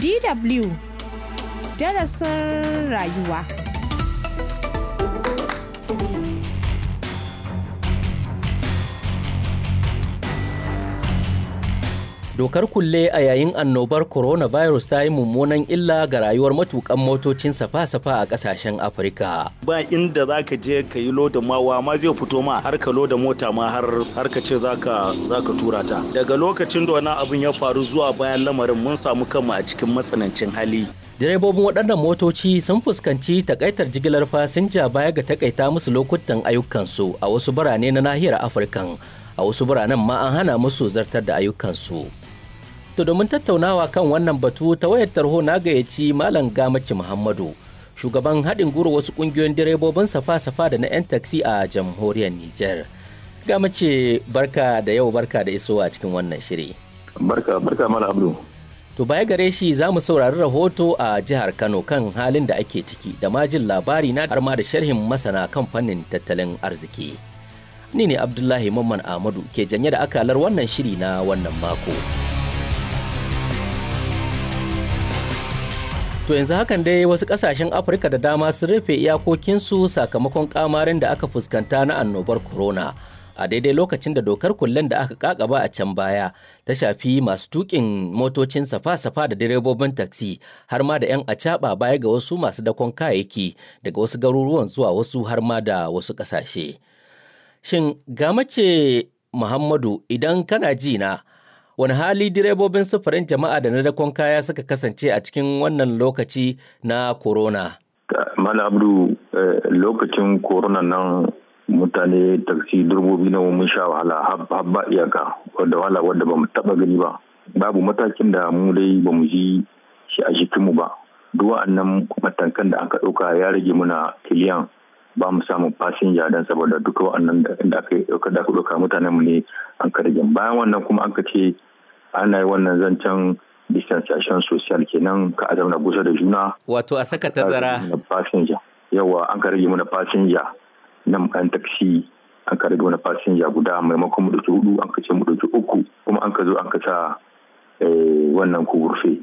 DW darasin rayuwa. dokar kulle a yayin annobar coronavirus ta yi mummunan illa ga rayuwar matukan motocin safa-safa a kasashen afirka ba inda za ka je ka yi loda mawa ma zai fito ma har ka loda mota ma har ka ce za ka tura ta daga lokacin da wani abin ya faru zuwa bayan lamarin mun samu kanmu a cikin matsanancin hali direbobin waɗannan motoci sun fuskanci takaitar jigilar fasinja baya ga takaita musu lokutan ayyukansu a wasu birane na nahiyar afirkan a wasu biranen ma an hana musu zartar da ayyukansu To domin tattaunawa kan wannan batu ta wayar tarho na gayyaci Malam gamaci Muhammadu, shugaban haɗin guru wasu ƙungiyoyin direbobin safa-safa da na 'yan taksi a jamhuriyar Nijar. Gamace barka da yau barka da isowa cikin wannan shiri. Barka, barka Malam Abdu. To baya gare shi za mu saurari rahoto a jihar Kano kan halin da ake ciki da ma jin labari na har ma da sharhin masana kan fannin tattalin arziki. ni ne abdullahi mamman ahmadu ke janye da akalar wannan shiri na wannan mako. To yanzu hakan dai wasu kasashen Afirka da dama sun rufe iyakokinsu sakamakon kamarin da aka fuskanta na annobar corona. A daidai lokacin da dokar kullen da aka kakaba a can baya ta shafi masu tukin motocin safa-safa da direbobin taksi har ma da 'yan acaɓa baya ga wasu masu dakon kayayyaki daga wasu garuruwan zuwa wasu har ma da wasu ƙasashe. Shin ga mace Muhammadu idan kana ji na Wani hali direbobin sufurin jama'a da na dakon kaya suka kasance a cikin wannan lokaci na corona? Mala Abdu eh, lokacin corona nan mutane taksi durbobi na mun sha wahala habba iyaka wadda wala wadda ba mu taba gani ba. Babu matakin da mu dai ba mu ji shi a jikinmu ba. Duk wa'annan matakan da aka ɗauka ya rage muna kiliyan ba mu samu fasinja saboda duka wa'annan da aka ɗauka mutanen mu ne an ka rage bayan wannan kuma an ka ce ana yi wannan zancen distanciation social kenan ka zauna kusa da juna wato a saka tazara fasinja yawa an ka rage mana fasinja nan kan taksi an ka rage mana fasinja guda maimakon mu dauki hudu an ka ce mu dauki uku kuma an ka zo an ka sa eh, wannan kuburfe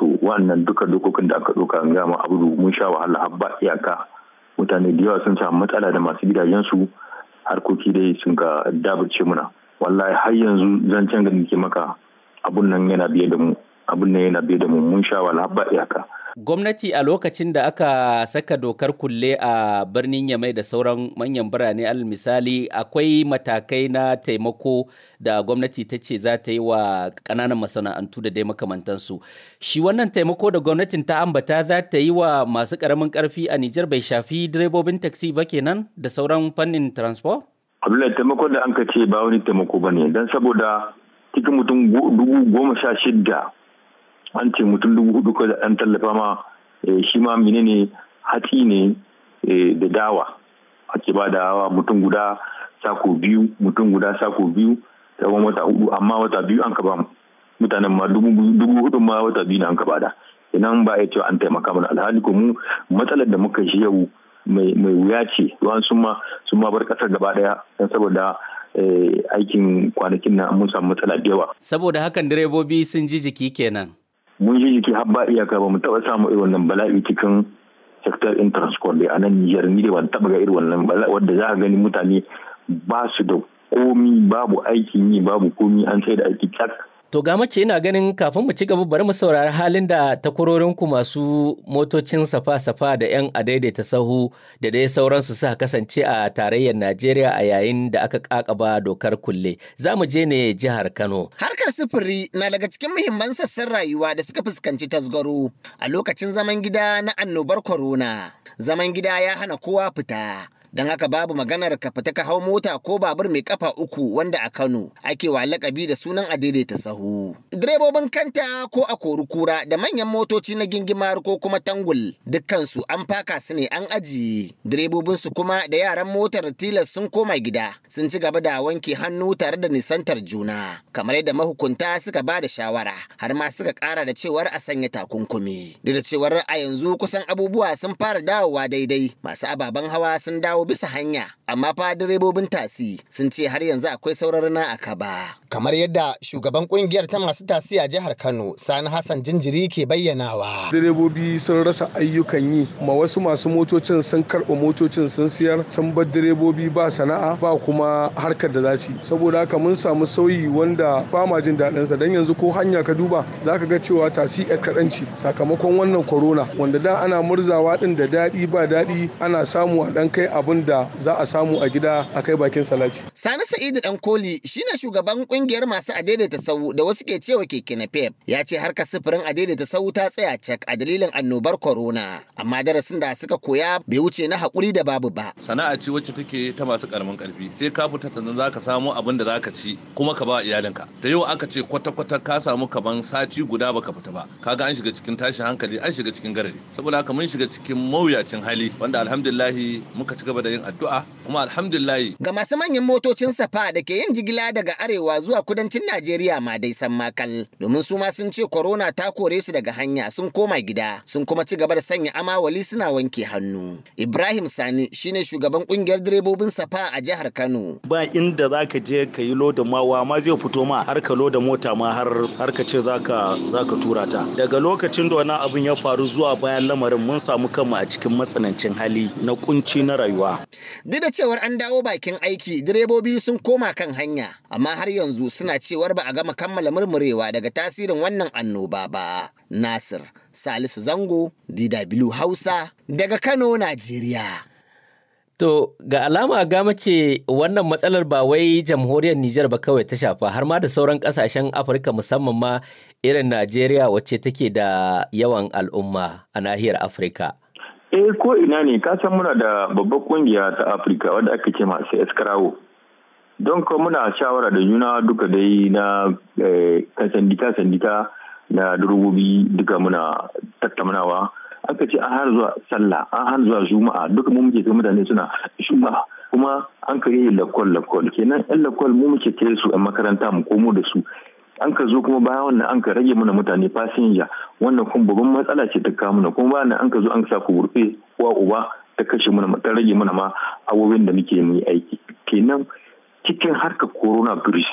to wannan duka dokokin da aka ɗauka an gama abu mun sha wahala har ba iyaka mutane da yawa sun samu matsala da masu gidajensu harkoki dai sun ka dabace muna wallahi har yanzu zancen da nake maka abun nan yana biye da mu abun nan yana biye da mu mun sha wala ba iyaka gwamnati a lokacin da aka saka dokar kulle a birnin yamai da sauran manyan birane al misali akwai matakai na taimako da gwamnati ta ce za ta yi wa kananan masana'antu da dai makamantansu shi wannan taimako da gwamnatin ta ambata za ta yi wa masu karamin karfi a nijar bai shafi direbobin taxi ba kenan da sauran fannin transport abdullahi taimako da an ka ce ba wani taimako ba ne don saboda cikin mutum dubu goma sha shidda an ce mutum dubu hudu ko da an tallafa ma eh, shi ma ne hatsi ne eh, da dawa ake ba da hawa mutum guda sako biyu mutum guda sako biyu tsawon wata hudu amma wata biyu an kaba mutanen ma dubu hudu ma wata biyu na an kaba da idan ba ya cewa an taimaka mana alhali ko mu matsalar da muka shi yau mai wuya ce ruwan sun ma sun ma bar kasar gaba daya don saboda Eh, aikin kwanakin nan mun samu matsala da yawa. Saboda hakan direbobi sun ji jiki kenan. Mun ji jiki har ba iyaka ba mu taɓa samu irin wannan bala'i cikin sektar in transport da a nan Nijar ni da ban taɓa ga irin wannan bala'i wanda za a gani mutane ba su da komi babu aikin yi babu komi an sai da aiki tak To ga mace ina ganin kafin mu ci gaba bari mu saurari halin da takwarorinku masu motocin safa-safa da 'yan adaidaita sahu da dai sauransu suka kasance a tarayyar Najeriya a yayin da aka kakaba dokar kulle. Za mu je ne jihar Kano. Harkar sufuri na daga cikin muhimman sassan rayuwa da suka fuskanci tasgaro a lokacin zaman gida na annobar corona. Zaman gida ya hana kowa fita. don haka babu maganar ka fita ka hau mota ko babur mai kafa uku wanda a Kano ake wa lakabi da sunan a daidaita sahu. Direbobin kanta ko a korukura da manyan motoci na gingimar ko kuma tangul dukkansu an faka su ne an ajiye. Direbobin su kuma da yaran motar tilas sun koma gida sun ci gaba da wanke hannu tare da nisantar juna kamar yadda mahukunta suka ba da shawara har ma suka kara da cewar a sanya takunkumi. Duk da cewar a yanzu kusan abubuwa sun fara dawowa daidai masu ababen hawa sun dawo bisa hanya amma fa direbobin tasi sun ce har yanzu akwai saurar na kaba kamar yadda shugaban kungiyar ta masu tasi a jihar Kano Sani Hassan Jinjiri ke bayyanawa direbobi sun rasa ayyukan yi ma wasu masu motocin sun karba motocin sun siyar sun bar direbobi ba sana'a ba kuma harkar da za su saboda haka mun samu sauyi wanda ba ma jin daɗin sa dan yanzu ko hanya ka duba zaka ga cewa tasi yar kaɗanci sakamakon wannan corona wanda da ana murzawa din da daɗi ba daɗi ana samu a ɗan kai abin abin da za a samu a gida a kai bakin salati. Sani Sa'idu Dan Koli ne shugaban kungiyar masu adaidaita sau da wasu ke cewa keke na ya ce harkar sufurin adaidaita sau ta tsaya cak a dalilin annobar corona amma darasin da suka koya bai wuce na hakuri da babu ba. Sana'a ce wacce take ta masu karamin karfi sai ka fita sannan zaka samu abin da ka ci kuma ka ba iyalinka. Da yau aka ce kwata-kwata ka samu kaman sati guda baka fita ba kaga an shiga cikin tashin hankali an shiga cikin garari saboda haka mun shiga cikin mawuyacin hali wanda alhamdulillahi muka ci gaba da yin addu'a kuma alhamdulillahi. Ga masu manyan motocin safa da ke yin jigila daga arewa zuwa kudancin Najeriya ma dai san makal. Domin su ma sun ce korona ta kore su daga hanya sun koma gida sun kuma ci gaba da sanya amawali suna wanke hannu. Ibrahim Sani shine shugaban kungiyar direbobin safa a jihar Kano. Ba inda zaka je ka yi loda mawa ma zai fito ma har ka loda mota ma har ka ce za ka tura ta. Daga lokacin da wani abin ya faru zuwa bayan lamarin mun samu kanmu a cikin matsanancin hali na kunci na rayuwa. Duk da cewar an dawo bakin aiki direbobi sun koma kan hanya amma har yanzu suna cewar ba a gama kammala murmurewa daga tasirin wannan annoba ba. Nasir Salisu Zango DW Hausa daga Kano, Najeriya. To ga alama ga mace wannan matsalar ba wai jamhuriyar Nijar ba kawai ta shafa har ma da sauran kasashen Afirka musamman ma irin Najeriya wacce take da yawan al'umma a nahiyar Afirka. eh ko ina ne ka san muna da babbar kungiya ta afirka wadda aka ce masu eskrawo don ko muna shawara da juna duka dai na eh, kasandika sandika na durubobi duka muna tattaunawa aka ce an har zuwa sallah an har zuwa juma'a duka mu muke kai mutane suna juma'a kuma an kare lakwal lakwal kenan yan lakwal mu muke kai su a makaranta mu komo da su an ka zo kuma bayan wannan an ka rage mana mutane fasinja wannan kuma babban matsala ce ta kawo mana kuma bayan an ka zo an sa ku wurfe wa uba ta kashe mana ta rage mana ma abubuwan da muke yi aiki kenan cikin harkar virus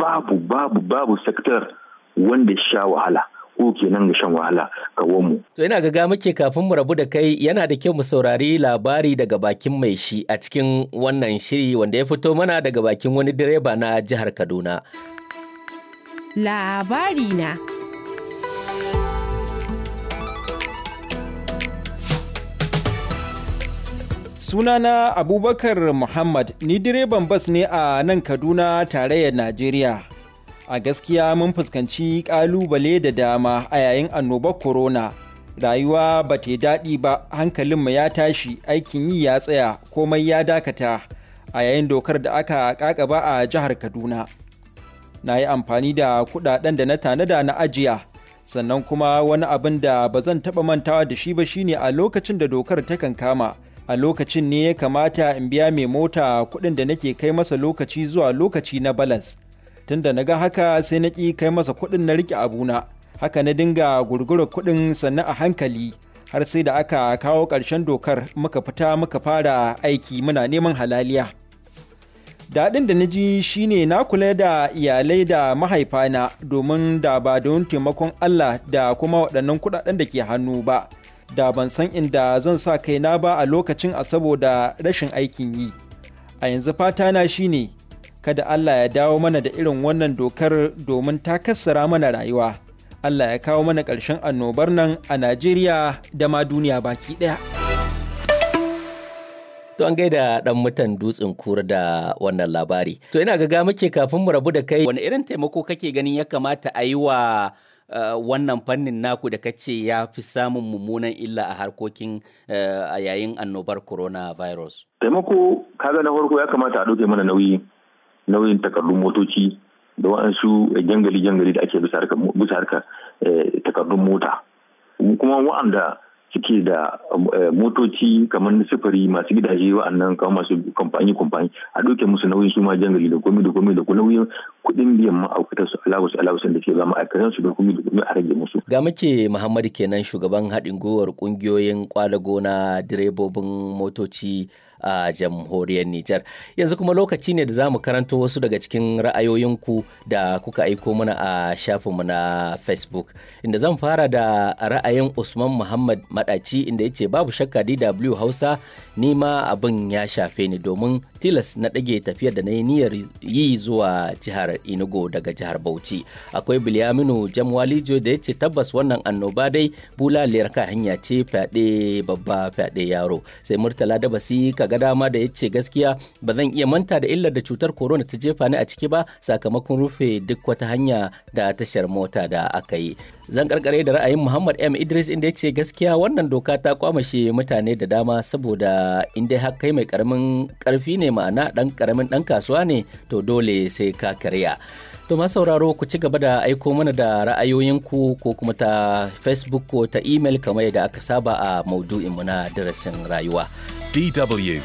babu babu babu sektar wanda sha wahala ko kenan ga shan wahala ga mu. To ina ga muke kafin mu rabu da kai yana da kyau mu saurari labari daga bakin mai shi a cikin wannan shiri wanda ya fito mana daga bakin wani direba na jihar Kaduna. labarina Sunana Abubakar Muhammad ni direban bas ne a nan Kaduna tarayyar Najeriya. A gaskiya mun fuskanci ƙalubale da dama a yayin annobar corona. Rayuwa ba ta daɗi ba hankalinmu ya tashi aikin yi ya tsaya komai ya dakata a yayin dokar da aka ƙaƙaba a jihar Kaduna. na yi amfani da kudaden da na tanada na ajiya sannan kuma wani abin da ba zan taɓa mantawa da shi ba shine a lokacin da dokar ta kama a lokacin ne ya kamata in biya mai mota kuɗin da nake kai masa lokaci zuwa lokaci na tun tunda na ga haka sai na ƙi kai masa kuɗin na riƙe abuna haka na dinga gurgura kuɗin sannan a hankali har sai da aka kawo ƙarshen dokar muka fita muka fara aiki muna neman halaliya. daɗin da na ji shine na kula da iyalai da mahaifana domin da ba don taimakon Allah da kuma waɗannan kuɗaɗen da ke hannu ba da ban san inda zan sa kai na ba a lokacin a saboda rashin aikin yi a yanzu fata na shine kada Allah ya dawo mana da irin wannan dokar domin ta kassara mana rayuwa Allah ya kawo mana ƙarshen annobar nan a Najeriya da ma duniya baki ɗaya. To an gaida dan mutan dutsen kura da wannan labari. To ina ga muke kafin mu rabu da kai wani irin taimako kake ganin ya kamata a yi wa eh, wannan fannin naku da kace ya fi samun mummunan illa a harkokin eh, a yayin annobar coronavirus. Taimako kaga na farko ya kamata a ɗauke mana nauyi nauyin takardun motoci da wa'ansu jangali jangali da ake bisa harkar eh, takardun mota. Kuma wa'anda suke da eh, motoci kamar sufuri masu gidaje wa'annan kamar masu kamfani kamfani a doke musu nauyin su ma jangali da komi da komi da nauyin kuɗin biyan ma'aikatar su alawus alawus da ke ba ma'aikatan su da komi da komi a rage musu. ga muke muhammadu kenan shugaban haɗin gwiwar ƙungiyoyin kwadago gona direbobin motoci a jamhuriyar Nijar. Yanzu kuma lokaci ne da za mu karanto wasu daga cikin ra'ayoyinku da kuka aiko mana a shafinmu na Facebook. Inda zan fara da ra'ayin Usman Muhammad Madaci inda ya ce babu shakka DW Hausa ni ma abin ya shafe ni domin tilas na ɗage tafiyar da na yi niyyar yi zuwa jihar Enugu daga jihar Bauchi. Akwai Bilyaminu Jamwalijo da ya ce tabbas wannan annoba dai bulaliyar ka hanya ce fyaɗe babba fyaɗe yaro. Sai Murtala Dabasi kaga ga dama da ya ce gaskiya ba zan iya manta da illar da cutar corona ta jefa ni a ciki ba sakamakon rufe duk wata hanya da tashar mota da aka yi zan karkare da ra'ayin muhammad m idris inda ya ce gaskiya wannan doka ta kwamashe mutane da dama saboda inda har kai mai karamin karfi ne ma'ana dan karamin dan kasuwa ne to dole sai ka karya To ma sauraro ku ci gaba da aiko mana da ra'ayoyinku ko kuma ta Facebook ko ta email kamar yadda aka saba a mu na darasin rayuwa. DW.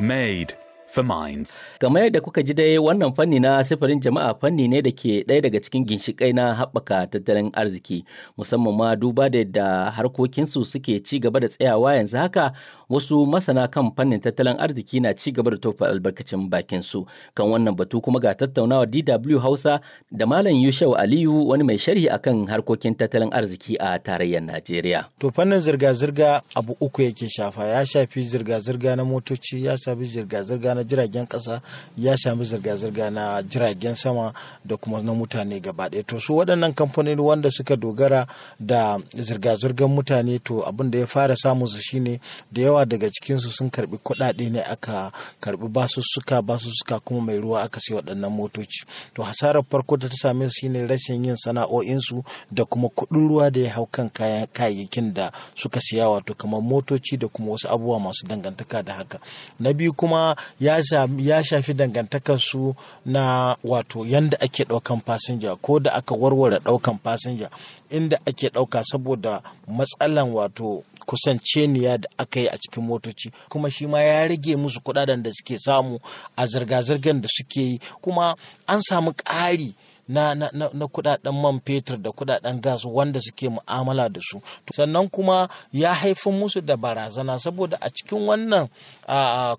Made. for Minds. Kamar yadda kuka ji dai wannan fanni na sifirin jama'a fanni ne da ke ɗaya daga cikin ginshiƙai na haɓaka tattalin arziki musamman ma duba da yadda harkokinsu suke ci gaba da tsayawa yanzu haka wasu masana kan fannin tattalin arziki na ci gaba da tofa albarkacin bakin su kan wannan batu kuma ga tattaunawa DW Hausa da Malam Yushau Aliyu wani mai sharhi akan harkokin tattalin arziki a tarayyar Najeriya. To fannin zirga-zirga abu uku yake shafa ya shafi zirga-zirga na motoci ya shafi zirga-zirga na na jiragen kasa ya sami zirga-zirga na jiragen sama da kuma na mutane gaba ɗaya to su waɗannan kamfanin wanda suka dogara da zirga-zirgar mutane to abin da ya fara samu su shine da yawa daga cikinsu sun karbi kuɗaɗe ne aka karbi basussuka basussuka kuma mai ruwa aka sai waɗannan motoci to hasarar farko da ta same su shine rashin yin sana'o'insu da kuma kuɗin ruwa da ya hau kan kayan kayayyakin da suka siya wato kamar motoci da kuma wasu abubuwa masu dangantaka da haka na biyu kuma ya ya shafi dangantakarsu na wato yanda ake ɗaukan fasinja ko da aka warware ɗaukan fasinja inda ake ɗauka saboda matsalan wato kusanceniya da aka yi a cikin motoci kuma shi ma ya rage musu kuɗaɗen da suke samu a zirga-zirgar da suke yi kuma an samu ƙari na, na, na, na kudaden man fetur da kudaden gas wanda suke mu'amala da su sannan kuma ya haifar musu da barazana saboda a cikin wannan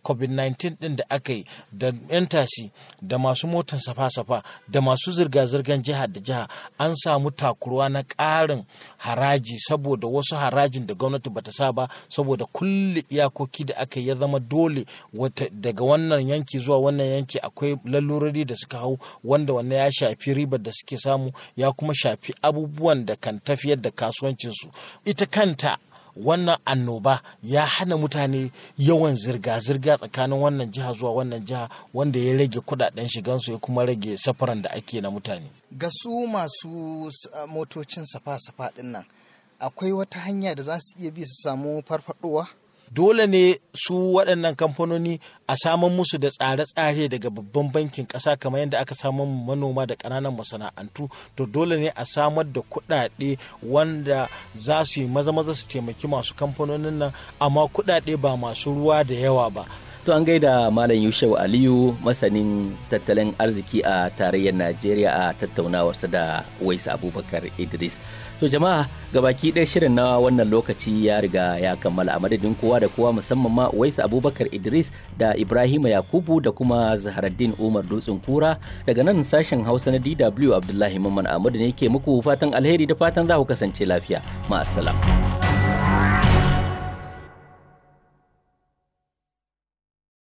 covid-19 din da aka yi da 'yan tasi da masu motan safa-safa da masu zirga-zirgar jiha da jiha an samu takurwa na ƙarin haraji saboda wasu harajin da gwamnati bata sa ba saboda kulle iyakoki da aka yi ya zama dole daga wannan yanki zuwa wannan yanki akwai lalurori da suka hau wanda wannan ya shafi ribar da suke samu ya kuma shafi abubuwan da kan tafiyar da kasuwancinsu ita kanta wannan annoba ya hana mutane yawan zirga-zirga tsakanin wannan jiha zuwa wannan jiha wanda ya rage kudaden shigansu ya kuma rage safaran da ake na mutane ga su masu ah, motocin safa-safa dinnan akwai wata hanya da za su iya bi su samu farfadowa dole ne su waɗannan kamfanoni a samun musu da tsare-tsare daga babban bankin ƙasa kamar yadda aka samun manoma da ƙananan masana'antu to dole ne a samar da kuɗaɗe wanda za su yi maza-maza su taimaki masu kamfanonin nan amma kuɗaɗe ba masu ruwa da yawa ba To an gaida Malam Yusuf Aliyu masanin tattalin arziki a tarayyar Najeriya a tattaunawarsa da waisa Abubakar Idris. To jama'a ga baki ɗaya shirin na wannan lokaci ya riga ya kammala a madadin kowa da kowa musamman ma Waisa Abubakar Idris da Ibrahim Yakubu da kuma Zaharaddin Umar Dutsen Kura daga nan sashen Hausa na DW Abdullahi Mamman Ahmadu ne ke muku fatan alheri da fatan za ku kasance lafiya. Ma'assalam.